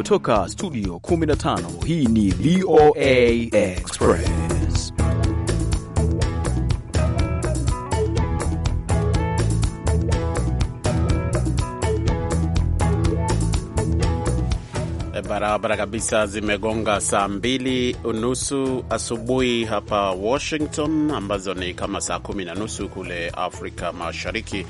kutoka studio 15 hii ni VOA Express eh, barabara kabisa zimegonga saa mbili unusu asubuhi hapa Washington ambazo ni kama saa kumi na nusu kule Afrika Mashariki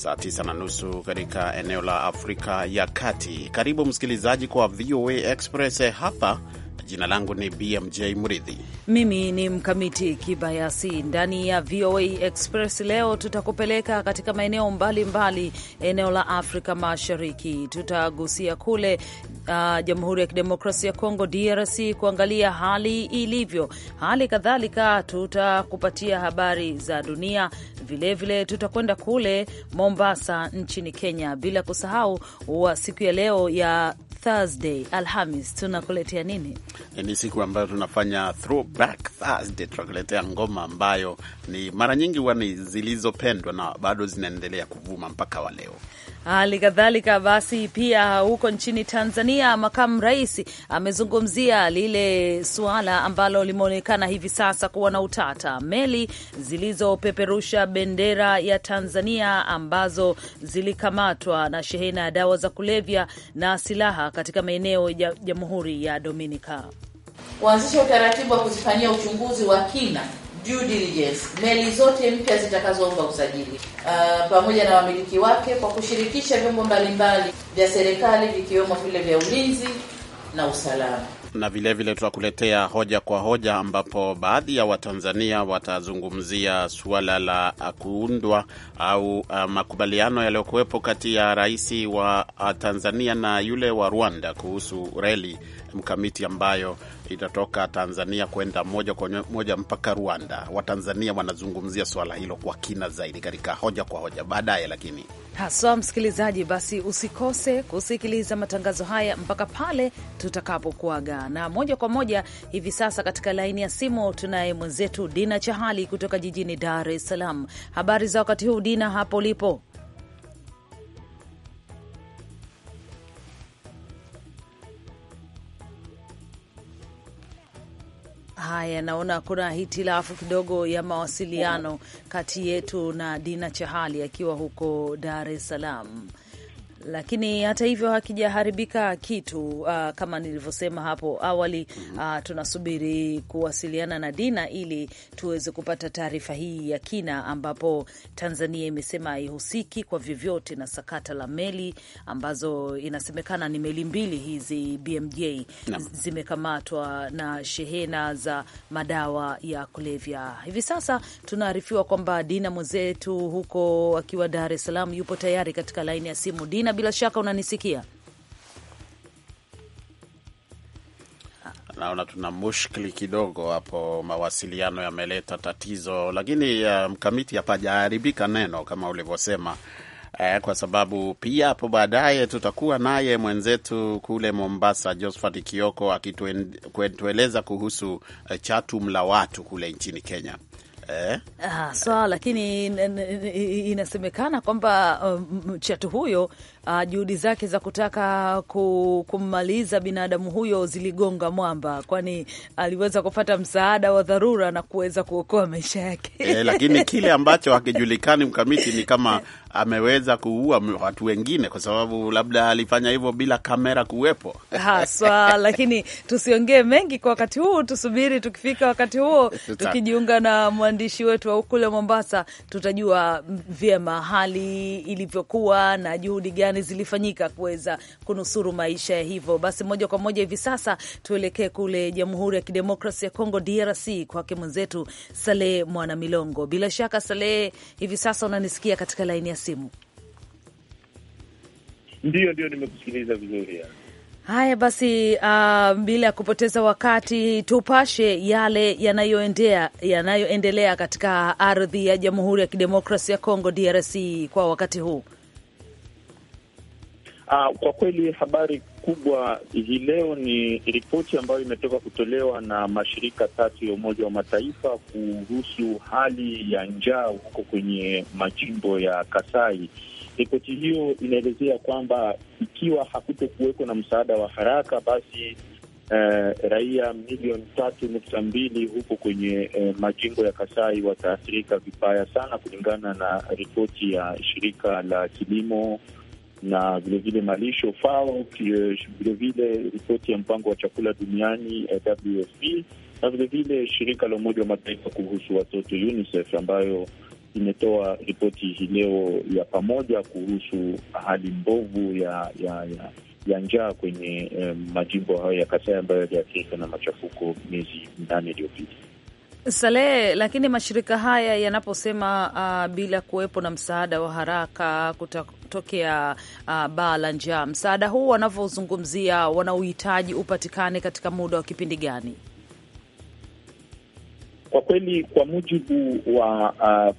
saa tisa na nusu katika eneo la Afrika ya Kati. Karibu msikilizaji kwa VOA Express hapa Jina langu ni BMJ Mridhi, mimi ni Mkamiti Kibayasi. Ndani ya VOA Express leo tutakupeleka katika maeneo mbalimbali eneo la Afrika Mashariki. Tutagusia kule uh, Jamhuri ya Kidemokrasia ya Kongo, DRC, kuangalia hali ilivyo. Hali kadhalika tutakupatia habari za dunia vilevile tutakwenda kule Mombasa nchini Kenya, bila kusahau wa siku ya leo ya Thursday, Alhamis, tunakuletea nini? Eh, ni siku ambayo tunafanya throwback Thursday, tunakuletea ngoma ambayo ni mara nyingi huwa ni zilizopendwa na bado zinaendelea kuvuma mpaka wa leo. Hali kadhalika basi, pia huko nchini Tanzania, makamu rais amezungumzia lile suala ambalo limeonekana hivi sasa kuwa na utata, meli zilizopeperusha bendera ya Tanzania ambazo zilikamatwa na shehena ya dawa za kulevya na silaha katika maeneo ya Jamhuri ya Dominika, kuanzisha utaratibu wa kuzifanyia uchunguzi wa kina due diligence meli zote mpya zitakazoomba usajili uh, pamoja na wamiliki wake kwa kushirikisha vyombo mbalimbali vya serikali vikiwemo vile vya ulinzi na usalama na vilevile tutakuletea hoja kwa hoja, ambapo baadhi ya Watanzania watazungumzia suala la kuundwa au uh, makubaliano yaliyokuwepo kati ya rais wa uh, Tanzania na yule wa Rwanda kuhusu reli mkamiti ambayo itatoka Tanzania kwenda moja kwa moja mpaka Rwanda. Watanzania wanazungumzia suala hilo kwa kina zaidi katika hoja kwa hoja baadaye, lakini haswa. msikilizaji, basi usikose kusikiliza matangazo haya mpaka pale tutakapokuaga, na moja kwa moja hivi sasa katika laini ya simu tunaye mwenzetu Dina Chahali kutoka jijini Dar es Salaam. Habari za wakati huu Dina, hapo ulipo? Haya, naona kuna hitilafu kidogo ya mawasiliano kati yetu na Dina Chahali akiwa huko Dar es Salaam lakini hata hivyo hakijaharibika kitu. Uh, kama nilivyosema hapo awali, uh, tunasubiri kuwasiliana na Dina ili tuweze kupata taarifa hii ya kina, ambapo Tanzania imesema haihusiki kwa vyovyote na sakata la meli ambazo inasemekana ni meli mbili hizi BMJ zimekamatwa na shehena za madawa ya kulevya. Hivi sasa tunaarifiwa kwamba Dina mwenzetu huko akiwa Dar es Salaam yupo tayari katika laini ya simu. Dina na bila shaka unanisikia. Naona tuna mushkili kidogo hapo, mawasiliano yameleta tatizo, lakini uh, mkamiti hapajaharibika neno kama ulivyosema, eh, kwa sababu pia hapo baadaye tutakuwa naye mwenzetu kule Mombasa, Josphat Kioko akitueleza kuhusu eh, chatu mla watu kule nchini Kenya. Eh? Ah, sawa, lakini eh, inasemekana kwamba um, chatu huyo uh, juhudi zake za kutaka kummaliza binadamu huyo ziligonga mwamba, kwani aliweza kupata msaada wa dharura na kuweza kuokoa maisha yake. E, lakini kile ambacho hakijulikani mkamiti ni kama ameweza kuua watu wengine, kwa sababu labda alifanya hivyo bila kamera kuwepo haswa. Lakini tusiongee mengi kwa wakati huu, tusubiri tukifika wakati huo, tukijiunga na mwandishi wetu wa kule Mombasa, tutajua vyema hali ilivyokuwa na juhudi gani gani zilifanyika kuweza kunusuru maisha ya hivyo. Basi moja kwa moja hivi sasa tuelekee kule Jamhuri ya Kidemokrasi ya Kongo, DRC, kwake mwenzetu Salehe Mwana Milongo. Bila shaka, Salehe, hivi sasa unanisikia katika laini ya simu? Ndio, ndio, nimekusikiliza vizuri. Haya basi, uh, bila ya kupoteza wakati tupashe yale yanayoendea yanayoendelea katika ardhi ya Jamhuri ya Kidemokrasi ya Kongo, DRC, kwa wakati huu. Uh, kwa kweli habari kubwa hii leo ni ripoti ambayo imetoka kutolewa na mashirika tatu ya Umoja wa Mataifa kuhusu hali ya njaa huko kwenye majimbo ya Kasai. Ripoti hiyo inaelezea kwamba ikiwa hakuto kuweko na msaada wa haraka, basi Uh, raia milioni tatu nukta mbili huko kwenye uh, majimbo ya Kasai wataathirika vibaya sana, kulingana na ripoti ya shirika la kilimo na vilevile malisho FAO, vilevile ripoti ya mpango wa chakula duniani eh, WFP, na vilevile shirika la Umoja wa Mataifa kuhusu watoto UNICEF ambayo imetoa ripoti hii leo ya pamoja kuhusu hali mbovu ya ya, ya, ya njaa kwenye eh, majimbo hayo ya Kasai ambayo yaliathirika na machafuko miezi minane iliyopita. Salehe, lakini mashirika haya yanaposema uh, bila kuwepo na msaada wa haraka kutatokea uh, baa la njaa, msaada huu wanavyozungumzia wanauhitaji upatikane katika muda wa kipindi gani? Kwa kweli, kwa mujibu wa uh,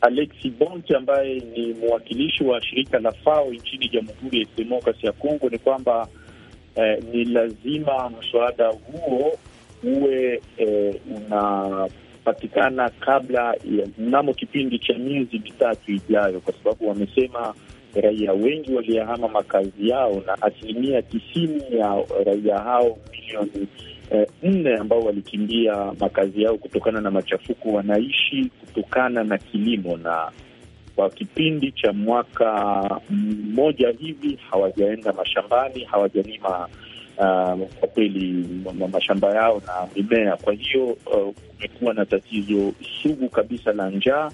Alexi Bonte ambaye ni mwakilishi wa shirika la FAO nchini Jamhuri ya Kidemokrasi ya Kongo ni kwamba eh, ni lazima msaada huo uwe e, unapatikana kabla ya mnamo kipindi cha miezi mitatu ijayo, kwa sababu wamesema raia wengi waliyahama makazi yao na asilimia tisini ya raia hao milioni eh, nne eh, ambao walikimbia makazi yao kutokana na machafuko wanaishi kutokana na kilimo, na kwa kipindi cha mwaka mmoja hivi hawajaenda mashambani, hawajalima Um, kwa kweli mashamba yao na mimea. Kwa hiyo uh, kumekuwa uh, na tatizo sugu kabisa la njaa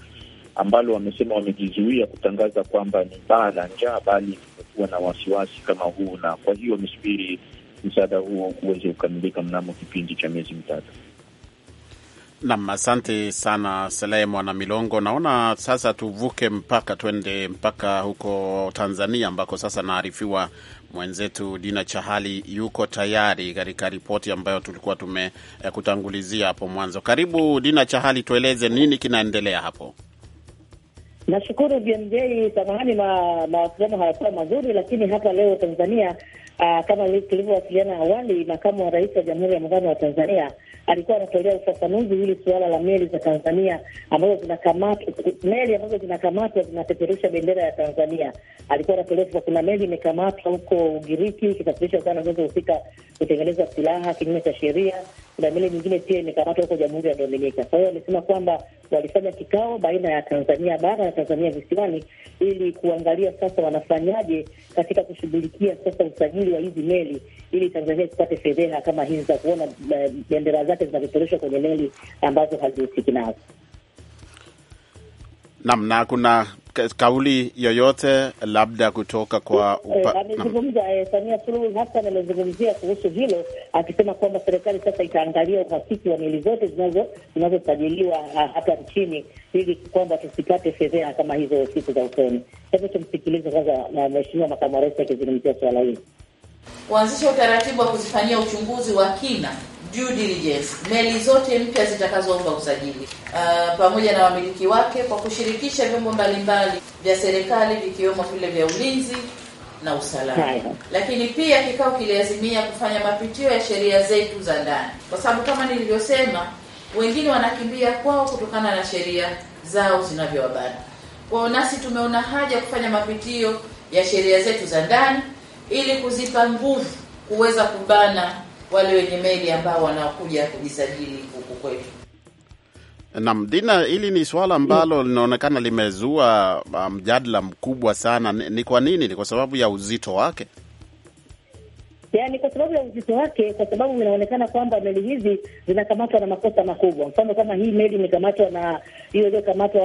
ambalo wamesema wamejizuia kutangaza kwamba ni baa la njaa, bali kumekuwa na wasiwasi kama huu, na kwa hiyo wamesubiri msaada huo uweze kukamilika mnamo kipindi cha miezi mitatu. Nam, asante sana Salehe Mwana Milongo. Naona sasa tuvuke mpaka twende mpaka huko Tanzania, ambako sasa naarifiwa mwenzetu Dina Chahali yuko tayari katika ripoti ambayo tulikuwa tumekutangulizia hapo mwanzo. Karibu Dina Chahali, tueleze nini kinaendelea hapo. Nashukuru BMJ. Samahani, mawasiliano hayakuwa mazuri, lakini hapa leo Tanzania, uh, kama tulivyowasiliana awali, makamu wa rais wa Jamhuri ya Muungano wa Tanzania alikuwa anatolea ufafanuzi hili suala la meli za Tanzania ambazo zinakamatwa, meli ambazo zinakamatwa zinapeperusha bendera ya Tanzania. Alikuwa anatolea kuwa kuna meli imekamatwa huko Ugiriki ikisafirisha sana zinazohusika kutengeneza silaha kinyume cha sheria kuna meli nyingine pia imekamatwa huko Jamhuri ya Dominika. Kwa hiyo wamesema kwamba walifanya kikao baina ya Tanzania bara na Tanzania visiwani ili kuangalia sasa wanafanyaje katika kushughulikia sasa usajili wa hizi meli ili Tanzania zipate fedheha kama hizi za kuona eh, bendera zake zinapeperushwa kwenye meli ambazo hazihusiki nazo namna kuna kauli yoyote labda kutoka kwa eh, upa... Eh, amezungumza e, Samia Suluhu Hassan amezungumzia kuhusu hilo akisema kwamba serikali sasa itaangalia uhakiki wa meli zote zinazosajiliwa hapa nchini ili kwamba tusipate fedheha kama hizo siku za usoni. Hebu tumsikilize kwanza na Mheshimiwa makamu wa rais akizungumzia swala hili, kuanzisha utaratibu wa kuzifanyia uchunguzi wa kina due diligence meli zote mpya zitakazoomba usajili uh, pamoja na wamiliki wake kwa kushirikisha vyombo mbalimbali vya serikali vikiwemo vile vya ulinzi na usalama. Lakini pia kikao kiliazimia kufanya mapitio ya sheria zetu za ndani, kwa sababu kama nilivyosema, wengine wanakimbia kwao kutokana na sheria zao zinavyowabana kwao, nasi tumeona haja kufanya mapitio ya sheria zetu za ndani ili kuzipa nguvu kuweza kubana wale wenye meli ambao wanaokuja kujisajili huku kwetu. Naam, Dina, hili ni suala ambalo mm. linaonekana limezua um, mjadala mkubwa sana. Ni kwa nini? Ni kwa sababu ya uzito wake yani kwa sababu ya uzito wake, kwa sababu inaonekana kwamba meli hizi zinakamatwa na makosa makubwa. Mfano kama hii meli imekamatwa na hiyo iliyokamatwa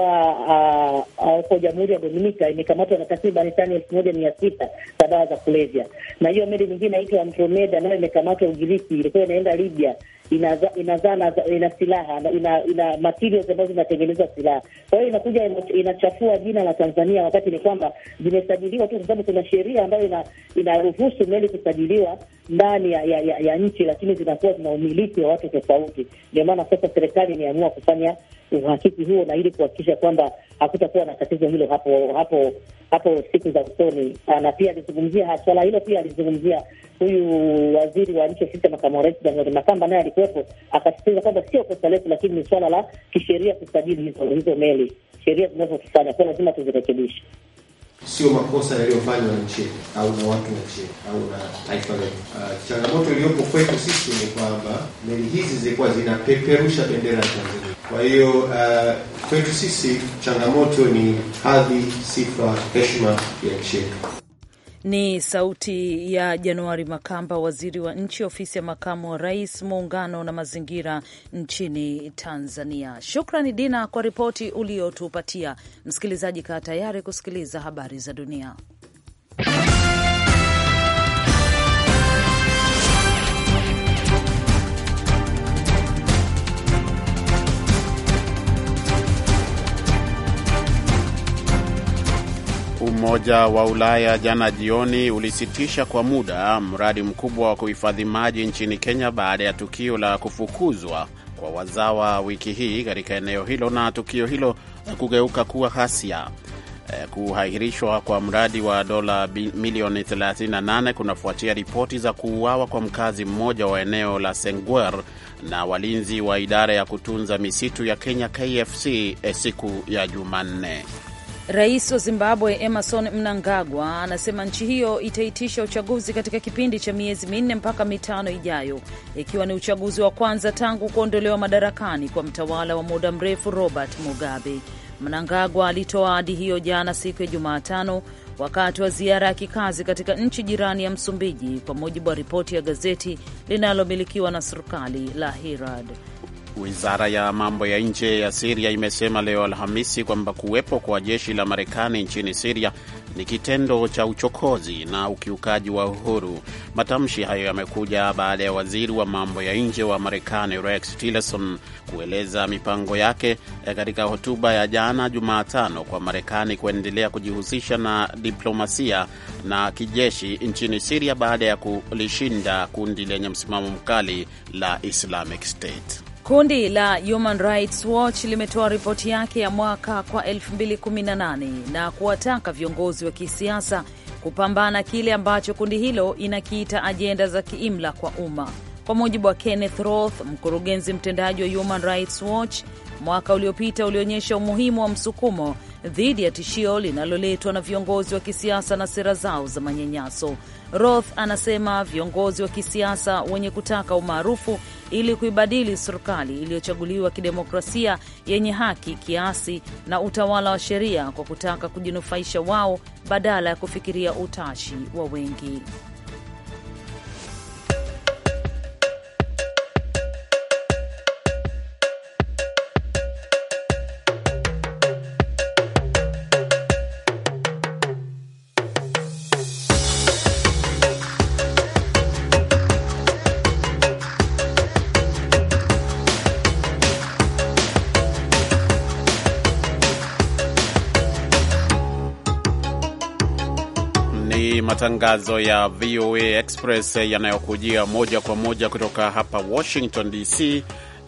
ah, ah, huko Jamhuri ya Dominika, imekamatwa na takriban tani elfu moja mia sita za dawa za kulevya, na hiyo meli nyingine aitwa Andromeda, nayo imekamatwa Ugiriki, ilikuwa inaenda Libya ina ina zana ina silaha ina ina materials ambazo zinatengeneza silaha. Kwa hiyo inakuja inachafua jina la Tanzania, wakati ni kwamba zimesajiliwa tu, kwa sababu kuna sheria ambayo ina inaruhusu meli kusajiliwa ndani ya, ya, ya, ya nchi, lakini zinakuwa zina umiliki wa watu tofauti. Ndio maana sasa serikali imeamua kufanya uhakiki huo, na ili kuhakikisha kwamba hakutakuwa na tatizo hilo hapo hapo hapo siku za usoni. Ah, na pia alizungumzia swala hilo, pia alizungumzia huyu waziri wa nchi ofisi ya makamu wa rais Daniel Makamba, naye alikuwepo, akasisitiza kwamba sio kosa letu, lakini ni swala la kisheria kusajili hizo hizo meli, sheria zinazotufanya kwa lazima tuzirekebishe sio makosa yaliyofanywa na nchi au na watu wa nchi au na taifa letu. Uh, changamoto iliyopo kwetu sisi ni kwamba meli hizi zilikuwa zinapeperusha bendera ya Tanzania. Kwa hiyo uh, kwetu sisi changamoto ni hadhi, sifa, heshima ya nchi yetu. Ni sauti ya Januari Makamba, waziri wa nchi ofisi ya makamu wa rais, muungano na mazingira nchini Tanzania. Shukrani Dina kwa ripoti uliotupatia. Msikilizaji, kaa tayari kusikiliza habari za dunia. Umoja wa Ulaya jana jioni ulisitisha kwa muda mradi mkubwa wa kuhifadhi maji nchini Kenya baada ya tukio la kufukuzwa kwa wazawa wiki hii katika eneo hilo na tukio hilo kugeuka kuwa ghasia. E, kuahirishwa kwa mradi wa dola milioni 38 kunafuatia ripoti za kuuawa kwa mkazi mmoja wa eneo la Sengwer na walinzi wa idara ya kutunza misitu ya Kenya KFC e, siku ya Jumanne. Rais wa Zimbabwe Emerson Mnangagwa anasema nchi hiyo itaitisha uchaguzi katika kipindi cha miezi minne mpaka mitano ijayo, ikiwa ni uchaguzi wa kwanza tangu kuondolewa madarakani kwa mtawala wa muda mrefu Robert Mugabe. Mnangagwa alitoa ahadi hiyo jana siku ya Jumatano wakati wa ziara ya kikazi katika nchi jirani ya Msumbiji, kwa mujibu wa ripoti ya gazeti linalomilikiwa na serikali la Herald. Wizara ya mambo ya nje ya Siria imesema leo Alhamisi kwamba kuwepo kwa jeshi la Marekani nchini Siria ni kitendo cha uchokozi na ukiukaji wa uhuru. Matamshi hayo yamekuja baada ya waziri wa mambo ya nje wa Marekani Rex Tillerson kueleza mipango yake eh, katika hotuba ya jana Jumatano kwa Marekani kuendelea kujihusisha na diplomasia na kijeshi nchini Siria baada ya kulishinda kundi lenye msimamo mkali la Islamic State. Kundi la Human Rights Watch limetoa ripoti yake ya mwaka kwa 2018 na kuwataka viongozi wa kisiasa kupambana kile ambacho kundi hilo inakiita ajenda za kiimla kwa umma. Kwa mujibu wa Kenneth Roth, mkurugenzi mtendaji wa Human Rights Watch, mwaka uliopita ulionyesha umuhimu wa msukumo dhidi ya tishio linaloletwa na viongozi wa kisiasa na sera zao za manyanyaso. Roth anasema viongozi wa kisiasa wenye kutaka umaarufu ili kuibadili serikali iliyochaguliwa kidemokrasia yenye haki, kiasi na utawala wa sheria kwa kutaka kujinufaisha wao badala ya kufikiria utashi wa wengi. matangazo ya VOA Express yanayokujia moja kwa moja kutoka hapa Washington DC,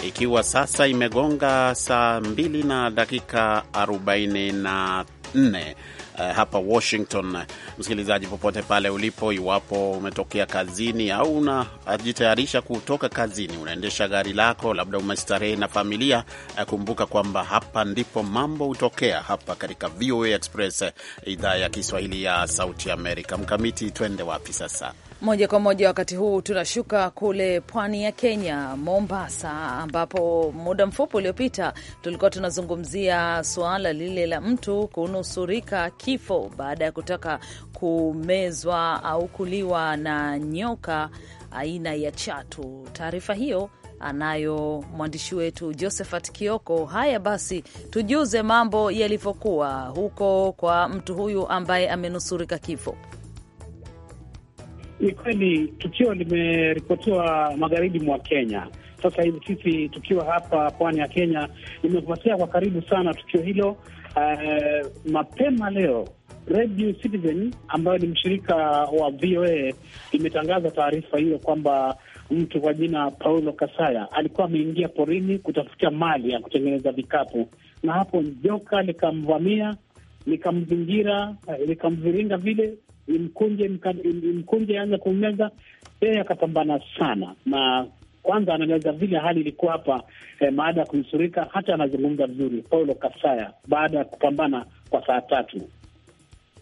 ikiwa sasa imegonga saa 2 na dakika 44. Eh, hapa Washington. Msikilizaji popote pale ulipo, iwapo umetokea kazini au unajitayarisha kutoka kazini, unaendesha gari lako, labda umestarehe na familia, eh, kumbuka kwamba hapa ndipo mambo hutokea, hapa katika VOA Express, eh, idhaa ya Kiswahili ya Sauti Amerika. Mkamiti, twende wapi sasa? Moja kwa moja wakati huu tunashuka kule pwani ya Kenya, Mombasa, ambapo muda mfupi uliopita tulikuwa tunazungumzia suala lile la mtu kunusurika kifo baada ya kutaka kumezwa au kuliwa na nyoka aina ya chatu. Taarifa hiyo anayo mwandishi wetu Josephat Kioko. Haya basi, tujuze mambo yalivyokuwa huko kwa mtu huyu ambaye amenusurika kifo. Ni kweli tukio limeripotiwa magharibi mwa Kenya. Sasa hivi sisi tukiwa hapa pwani ya Kenya, nimefuatia kwa karibu sana tukio hilo. Uh, mapema leo Radio Citizen ambayo ni mshirika wa VOA imetangaza taarifa hiyo kwamba mtu kwa jina Paulo Kasaya alikuwa ameingia porini kutafuta mali ya kutengeneza vikapu, na hapo njoka likamvamia, likamzingira, eh, likamviringa vile imkunje imkunje, anza kumeza Yeye akapambana sana na kwanza anaeleza vile hali ilikuwa hapa eh, baada ya kunusurika. Hata anazungumza vizuri Paulo Kasaya baada ya kupambana kwa saa tatu.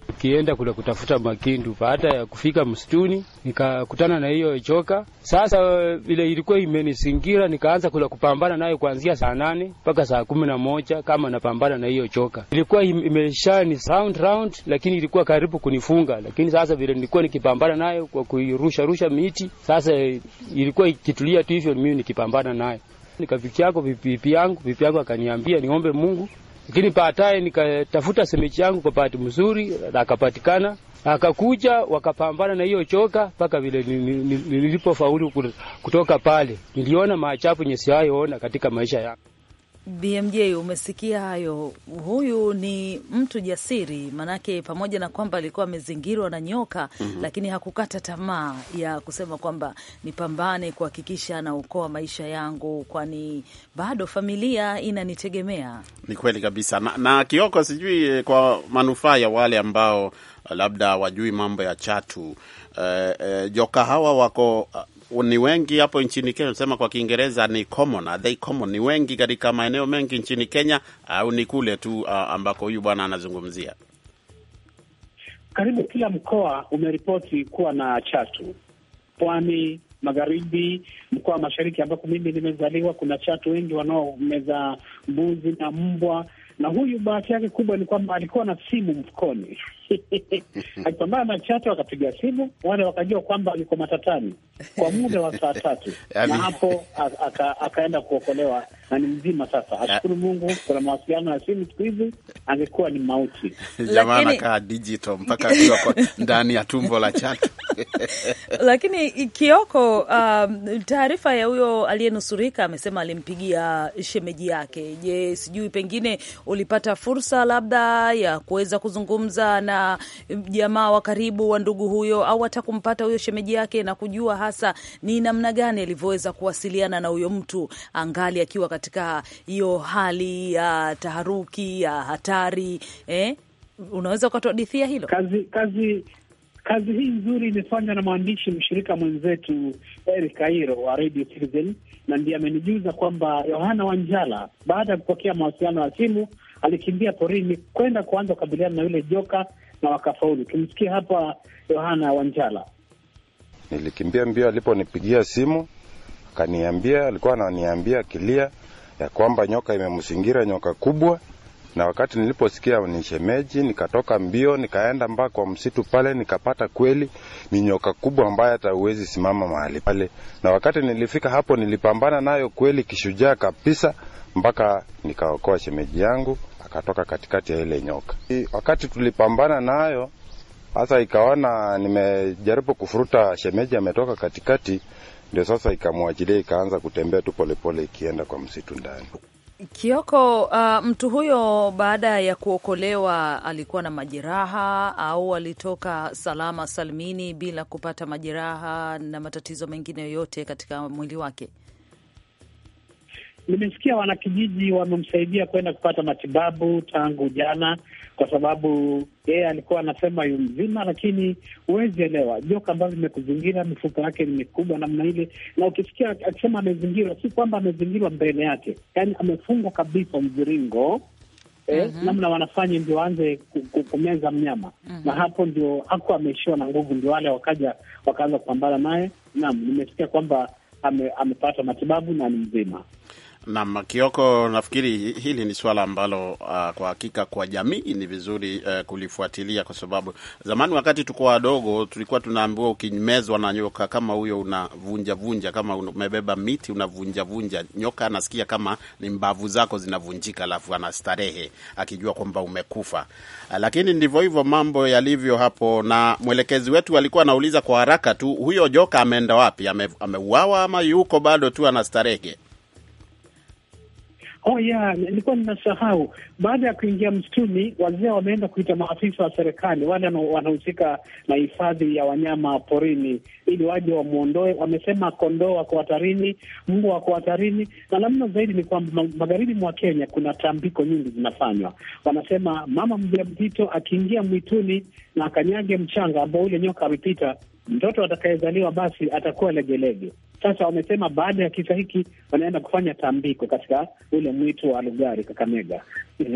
Ukienda kule kutafuta makindu, baada ya kufika msituni nikakutana na hiyo joka. Sasa eh, vile ilikuwa imenisingira, nikaanza kule kupambana nayo kuanzia saa nane mpaka saa kumi na moja kama napambana na hiyo joka. Ilikuwa imesha ni round round, lakini ilikuwa karibu kunifunga, lakini sasa vile nilikuwa nikipambana nayo kwa kuirusha rusha miti, sasa eh, ilikuwa ikitulia tu hivyo, mimi nikipambana nayo nikavikiako vipi yangu vipi yangu, akaniambia niombe Mungu lakini baadaye nikatafuta semeji yangu kwa bahati mzuri, akapatikana akakuja, wakapambana na hiyo choka mpaka vile nilipofaulu kutoka pale. Niliona maajabu yenye sijawahi ona katika maisha yangu. BMJ, umesikia hayo. Huyu ni mtu jasiri, maanake pamoja na kwamba alikuwa amezingirwa na nyoka mm -hmm. lakini hakukata tamaa ya kusema kwamba nipambane kuhakikisha anaokoa maisha yangu, kwani bado familia inanitegemea. Ni kweli kabisa na, na Kioko, sijui eh, kwa manufaa ya wale ambao eh, labda wajui mambo ya chatu. Uh, uh, joka hawa wako ni wengi hapo nchini Kenya, tunasema kwa Kiingereza ni common, are they common? Ni wengi katika maeneo mengi nchini Kenya au ni kule tu uh, ambako huyu bwana anazungumzia? Karibu kila mkoa umeripoti kuwa na chatu. Pwani, magharibi, mkoa wa mashariki ambapo mimi nimezaliwa, kuna chatu wengi wanaomeza mbuzi na mbwa, na huyu bahati yake kubwa ni kwamba alikuwa na simu mfukoni alipambana na Chato, akapiga simu wale, wakajua kwamba aliko matatani kwa muda wa saa tatu yaani- na hapo aka, akaenda kuokolewa na ni mzima sasa. Ashukuru Mungu kuna mawasiliano ya simu siku hizi, angekuwa ni mauti jamaa anakaa digital mpaka akiwa ndani ya tumbo la Chato. Lakini Kioko, um, taarifa ya huyo aliyenusurika amesema alimpigia shemeji yake. Je, sijui pengine ulipata fursa labda ya kuweza kuzungumza na jamaa wa karibu wa ndugu huyo au hata kumpata huyo shemeji yake na kujua hasa ni namna gani alivyoweza kuwasiliana na huyo mtu angali akiwa katika hiyo hali ya taharuki ya hatari eh? Unaweza ukatuhadithia hilo? Kazi, kazi kazi hii nzuri imefanywa na mwandishi mshirika mwenzetu Eric Airo wa Radio Citizen, na ndiye amenijuza kwamba Yohana Wanjala baada ya kupokea mawasiliano ya simu alikimbia porini kwenda kuanza kukabiliana na yule joka na wakafaulu. Tumsikie hapa Yohana Wanjala. Nilikimbia mbio, aliponipigia simu akaniambia, alikuwa ananiambia akilia ya kwamba nyoka imemzingira, nyoka kubwa. Na wakati niliposikia ni shemeji, nikatoka mbio nikaenda mpaka kwa msitu pale, nikapata kweli ni nyoka kubwa ambaye hata huwezi simama mahali pale. Na wakati nilifika hapo, nilipambana nayo kweli kishujaa kabisa, mpaka nikaokoa shemeji yangu akatoka katikati ya ile nyoka. Wakati tulipambana nayo sasa, ikaona nimejaribu kufuruta shemeji, ametoka katikati, ndio sasa ikamwachilia, ikaanza kutembea tu polepole, ikienda kwa msitu ndani. Kioko, uh, mtu huyo baada ya kuokolewa alikuwa na majeraha au alitoka salama salmini bila kupata majeraha na matatizo mengine yoyote katika mwili wake? nimesikia wanakijiji wamemsaidia kwenda kupata matibabu tangu jana, kwa sababu yeye alikuwa anasema yu mzima, lakini huwezi elewa joka ambavyo limekuzingira, mifupa yake ni mikubwa namna ile, na ukisikia akisema amezingirwa, si kwamba amezingirwa mbele yake, yaani amefungwa kabisa mviringo. Eh, uh mhm. -huh. Namna wanafanya ndio waanze kumeza mnyama uh mhm. -huh. Na hapo ndio hakuwa ameishiwa na nguvu, ndio wale wakaja wakaanza kupambana naye. Naam, nimesikia kwamba ame, amepata matibabu na ni mzima. Na Makioko, nafikiri hili ni suala ambalo uh, kwa hakika kwa jamii ni vizuri uh, kulifuatilia kwa sababu zamani wakati tulikuwa wadogo tulikuwa tunaambiwa ukimezwa na nyoka kama huyo unavunja vunja, kama umebeba miti unavunja vunja, nyoka anasikia kama ni mbavu zako zinavunjika, alafu anastarehe akijua kwamba umekufa. Uh, lakini ndivyo hivyo mambo yalivyo hapo. Na mwelekezi wetu alikuwa anauliza kwa haraka tu, huyo joka ameenda wapi? Ame, ameuawa ama yuko bado tu anastarehe? Oh yeah, nilikuwa ninasahau. Baada ya kuingia msituni, wazee wameenda kuita maafisa wa serikali wale wanahusika na hifadhi ya wanyama porini, ili waje wamwondoe. Wamesema kondoo wako hatarini, mbwa wako hatarini, na la mno zaidi ni kwamba magharibi mwa Kenya kuna tambiko nyingi zinafanywa. Wanasema mama mjamzito akiingia mwituni na akanyage mchanga ambao ule nyoka amepita mtoto atakayezaliwa basi atakuwa legelege. Sasa wamesema baada ya kisa hiki wanaenda kufanya tambiko katika ule mwitu wa Lugari, Kakamega.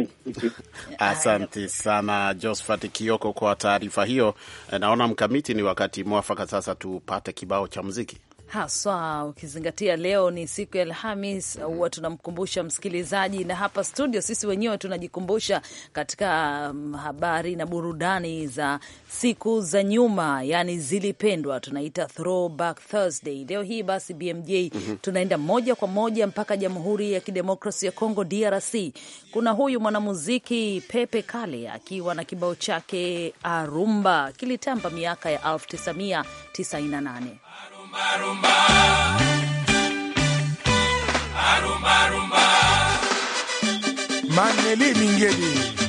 Asante sana Josphat Kioko kwa taarifa hiyo. Naona mkamiti, ni wakati mwafaka sasa tupate kibao cha muziki haswa ukizingatia leo ni siku ya Alhamis. Huwa tunamkumbusha msikilizaji, na hapa studio sisi wenyewe tunajikumbusha katika um, habari na burudani za siku za nyuma, yani zilipendwa, tunaita throwback Thursday. Leo hii basi BMJ, mm -hmm. tunaenda moja kwa moja mpaka Jamhuri ya Kidemokrasi ya congo DRC. Kuna huyu mwanamuziki Pepe Kale akiwa na kibao chake Arumba kilitamba miaka ya 1998. Maneli Mingedi.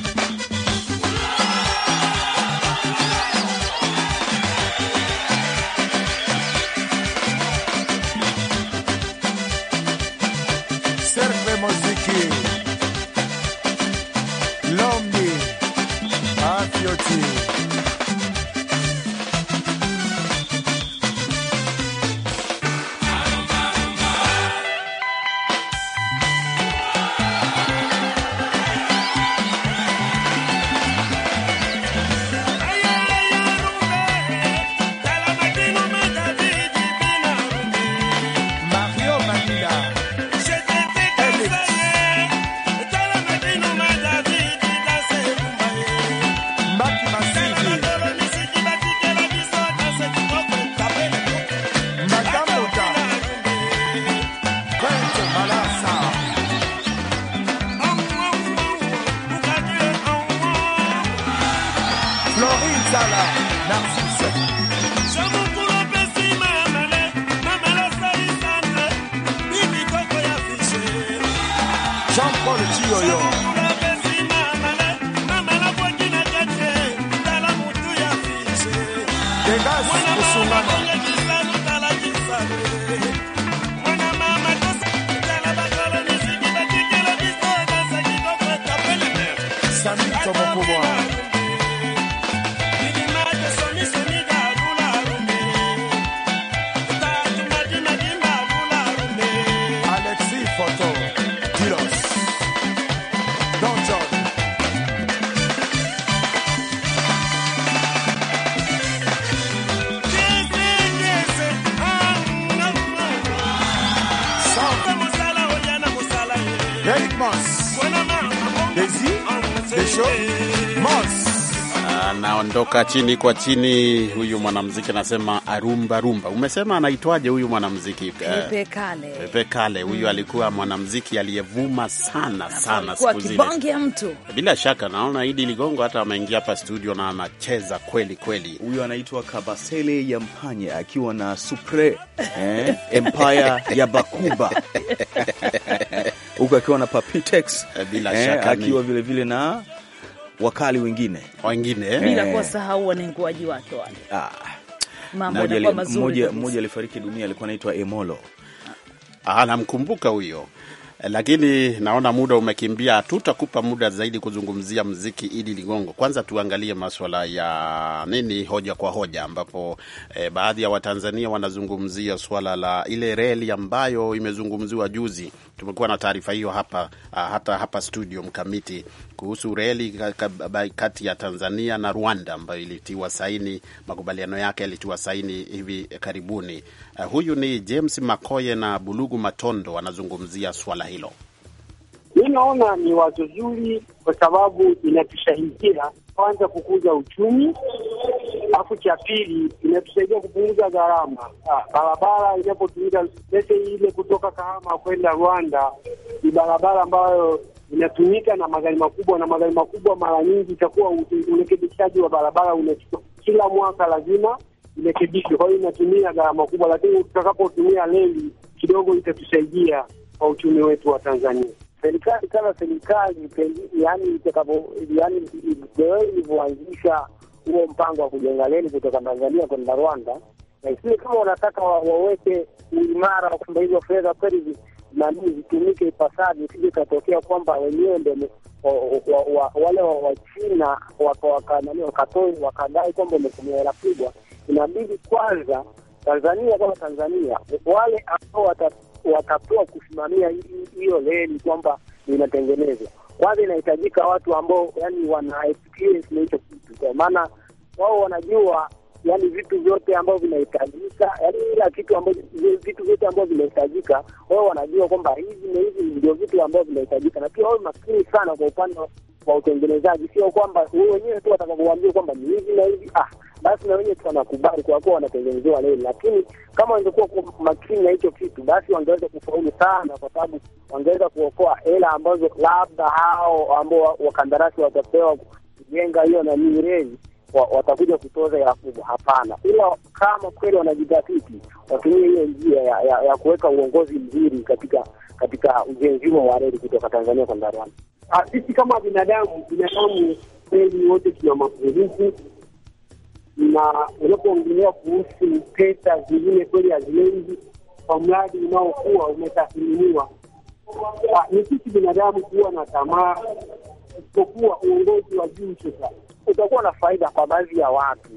Mandala. Eric Moss, Daisy Desho Moss anaondoka chini kwa chini. Huyu mwanamuziki anasema arumba rumba. Umesema anaitwaje huyu mwanamuziki? Eh, Pepe Kale, Pepe Kale huyu mm, alikuwa mwanamuziki aliyevuma sana sana siku zile, kibonge mtu. Bila shaka naona Idi Ligongo hata ameingia hapa studio na anacheza kweli kweli. Huyu anaitwa Kabasele ya Mpanya akiwa na Supre eh, Empire ya Bakuba huku akiwa na Papitex eh, bila eh, shaka akiwa vile vile na wakali wengine wengine, eh. bila kusahau wanenguaji wake wale. Ah, mambo Mmoja alifariki dunia, alikuwa anaitwa Emolo. Ah, namkumbuka huyo lakini naona muda umekimbia, hatutakupa muda zaidi kuzungumzia mziki. Idi Ligongo, kwanza tuangalie maswala ya nini, hoja kwa hoja, ambapo e, baadhi ya Watanzania wanazungumzia swala la ile reli ambayo imezungumziwa juzi. Tumekuwa na taarifa hiyo hapa, ah, hata hapa studio mkamiti kuhusu reli kati ya Tanzania na Rwanda ambayo ilitiwa saini, makubaliano yake yalitiwa saini hivi karibuni. Uh, huyu ni James Makoye na Bulugu Matondo wanazungumzia swala hilo. Mi naona ni wazo zuri kwa sababu inatushahidia kwanza kukuza uchumi, alafu cha pili inatusaidia kupunguza gharama ah, barabara inapotumika. Lete ile kutoka Kahama kwenda Rwanda ni barabara ambayo inatumika na magari makubwa, na magari makubwa mara nyingi itakuwa urekebishaji wa barabara unachukua kila mwaka, lazima irekebishwe. Kwa hiyo inatumia gharama kubwa, lakini tutakapotumia reli kidogo itatusaidia kwa uchumi wetu wa Tanzania. Serikali kama serikali, yani itakapo, yaani ilivyoanzisha huo mpango wa kujenga reli kutoka Tanzania kwenda Rwanda, na isiwe kama wanataka waweke uimara wa kwamba hizo fedha kweli nani zitumike ipasavyo, isije ikatokea kwamba wenyewe ndio wale Wachina wakadai kwamba umetumia hela kubwa. Inabidi kwanza Tanzania kama Tanzania, wale ambao watapewa kusimamia hiyo leni kwamba inatengenezwa, kwanza inahitajika watu ambao yani wana experience na hicho kitu, kwa maana wao wanajua yani vitu vyote ambavyo vinahitajika, yani kila kitu ambacho, vitu vyote ambavyo vinahitajika, wao wanajua kwamba hivi na hivi ndio vitu ambavyo vinahitajika, na pia wao makini sana kwa upande wa utengenezaji, sio kwamba wewe wenyewe tu watakakuambia kwamba ni hivi na hivi, ah basi na wenyewe tunakubali wanakubali kwa kuwa wanatengenezewa leli, lakini kama wangekuwa makini na hicho kitu, basi wangeweza kufaulu sana, kwa sababu wangeweza kuokoa hela ambazo labda hao ambao wakandarasi watapewa kujenga hiyo na nini reli watakuja kutoza hela kubwa. Hapana, ila kama kweli wanajidhatiti watumie hiyo njia ya, ya, ya kuweka uongozi mzuri katika katika ujenzi wa reli kutoka Tanzania kwenda Rwanda. Ah, sisi kama binadamu, binadamu kweli wote tuna mapungufu, na unapoongelea kuhusu pesa zingine kweli hazilengi kwa mradi unaokuwa umetathiminiwa ah, Ni sisi binadamu kuwa na tamaa, isipokuwa uongozi wa juu sasa utakuwa na faida kwa baadhi ya watu,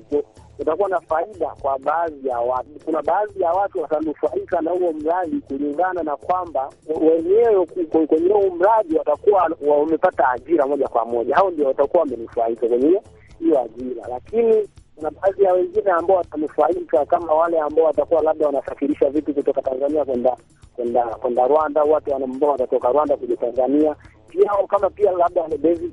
utakuwa na faida kwa baadhi ya watu. Kuna baadhi ya watu watanufaika na huo mradi kulingana na kwamba wenyewe kwenye huo mradi watakuwa wamepata ajira moja kwa moja, hao ndio watakuwa wamenufaika kwenye hiyo ajira, lakini na baadhi ya wengine ambao watanufaika kama wale ambao watakuwa labda wanasafirisha vitu kutoka Tanzania kwenda kwenda kwenda Rwanda, watu ambao watatoka Rwanda kuja Tanzania yao, kama pia labda walebezi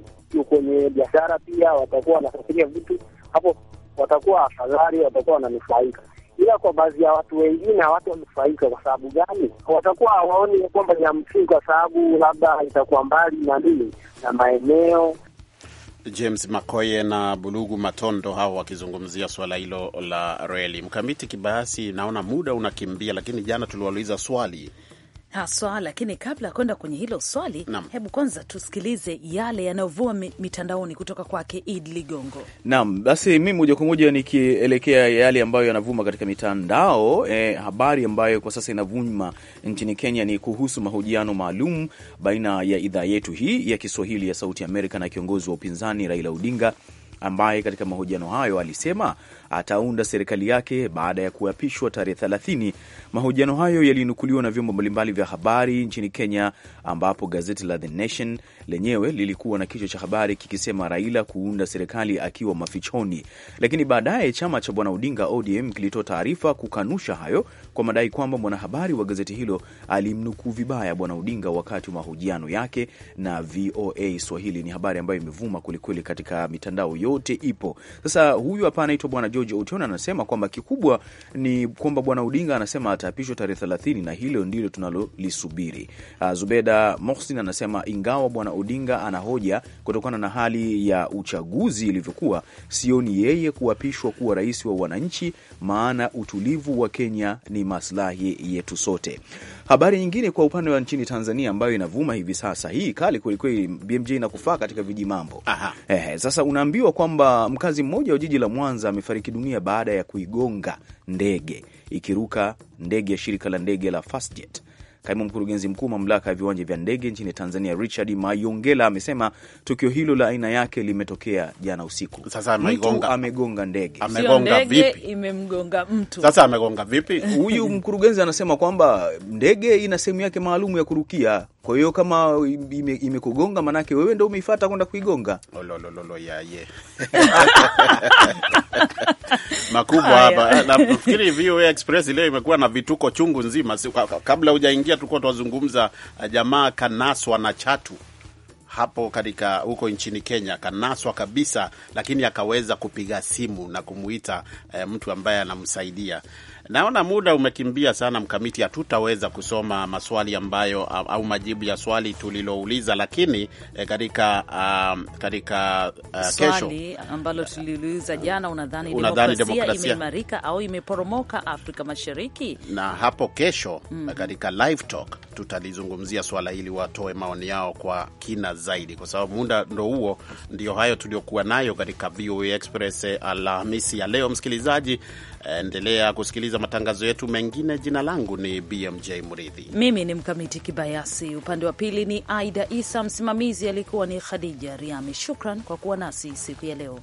kwenye biashara pia watakuwa wanasafiria vitu hapo, watakuwa afadhali, watakuwa wananufaika. Ila kwa baadhi ya watu wengine hawatu wanufaika. Kwa sababu gani? Watakuwa hawaoni kwamba ni ya msingi, kwa sababu labda itakuwa mbali na nini na maeneo James Makoye na Bulugu Matondo hao wakizungumzia swala hilo la reli. Mkamiti Kibayasi, naona muda unakimbia, lakini jana tuliwauliza swali haswa. Lakini kabla ya kwenda kwenye hilo swali na, hebu kwanza tusikilize yale yanayovua mitandaoni kutoka kwake Id Ligongo. Naam, basi mi moja kwa moja nikielekea yale ambayo yanavuma katika mitandao eh, habari ambayo kwa sasa inavuma nchini Kenya ni kuhusu mahojiano maalum baina ya idhaa yetu hii ya Kiswahili ya Sauti Amerika na kiongozi wa upinzani Raila Odinga ambaye katika mahojiano hayo alisema ataunda serikali yake baada ya kuapishwa tarehe 30. Mahojiano hayo yalinukuliwa na vyombo mbalimbali vya habari nchini Kenya, ambapo gazeti la The Nation lenyewe lilikuwa na kichwa cha habari kikisema Raila kuunda serikali akiwa mafichoni, lakini baadaye chama cha bwana Odinga ODM kilitoa taarifa kukanusha hayo kwa madai kwamba mwanahabari wa gazeti hilo alimnukuu vibaya Bwana Odinga wakati wa mahojiano yake na VOA Swahili. Ni habari ambayo imevuma kwelikweli katika mitandao yote ipo. Sasa huyu hapa anaitwa Bwana George Otiona anasema kwamba kikubwa ni kwamba Bwana Odinga anasema ataapishwa tarehe 30 na hilo ndilo tunalolisubiri. Ah, Zubeda Mohsin anasema ingawa Bwana Odinga anahoja kutokana na hali ya uchaguzi ilivyokuwa, sioni yeye kuapishwa kuwa rais wa wananchi, maana utulivu wa Kenya ni maslahi yetu sote. Habari nyingine kwa upande wa nchini Tanzania ambayo inavuma hivi sasa, hii kali kwelikweli, BMJ inakufaa katika viji mambo. Eh, sasa unaambiwa kwamba mkazi mmoja wa jiji la Mwanza amefariki dunia baada ya kuigonga ndege ikiruka ndege ya shirika la ndege la Fastjet Kaimu mkurugenzi mkuu mamlaka ya viwanja vya ndege nchini Tanzania, Richard Mayongela, amesema tukio hilo la aina yake limetokea jana usiku. Sasa mtu amegonga ndege, amegonga vipi? Imemgonga mtu. Sasa amegonga vipi? Huyu mkurugenzi anasema kwamba ndege ina sehemu yake maalum ya kurukia kwa hiyo kama imekugonga, ime manake wewe ndo umeifata kwenda kuigonga. makubwa hapa. Nafikiri VOA Express leo imekuwa na vituko chungu nzima. Kabla hujaingia, tulikuwa tunazungumza uh, jamaa kanaswa na chatu hapo katika huko nchini Kenya kanaswa kabisa, lakini akaweza kupiga simu na kumuita eh, mtu ambaye anamsaidia Naona muda umekimbia sana, Mkamiti, hatutaweza kusoma maswali ambayo au majibu ya swali tulilouliza, lakini eh, um, katika uh, katika uh, kesho ambalo tuliuliza jana, unadhani demokrasia, demokrasia imeimarika au imeporomoka Afrika Mashariki? Na hapo kesho mm, katika live talk tutalizungumzia swala hili, watoe maoni yao kwa kina zaidi, kwa sababu muda ndo huo. Ndio hayo tuliokuwa nayo katika VOA Express eh, Alhamisi ya leo, msikilizaji Endelea kusikiliza matangazo yetu mengine. Jina langu ni BMJ Mridhi, mimi ni Mkamiti Kibayasi, upande wa pili ni Aida Isa, msimamizi alikuwa ni Khadija Riami. Shukran kwa kuwa nasi siku ya leo.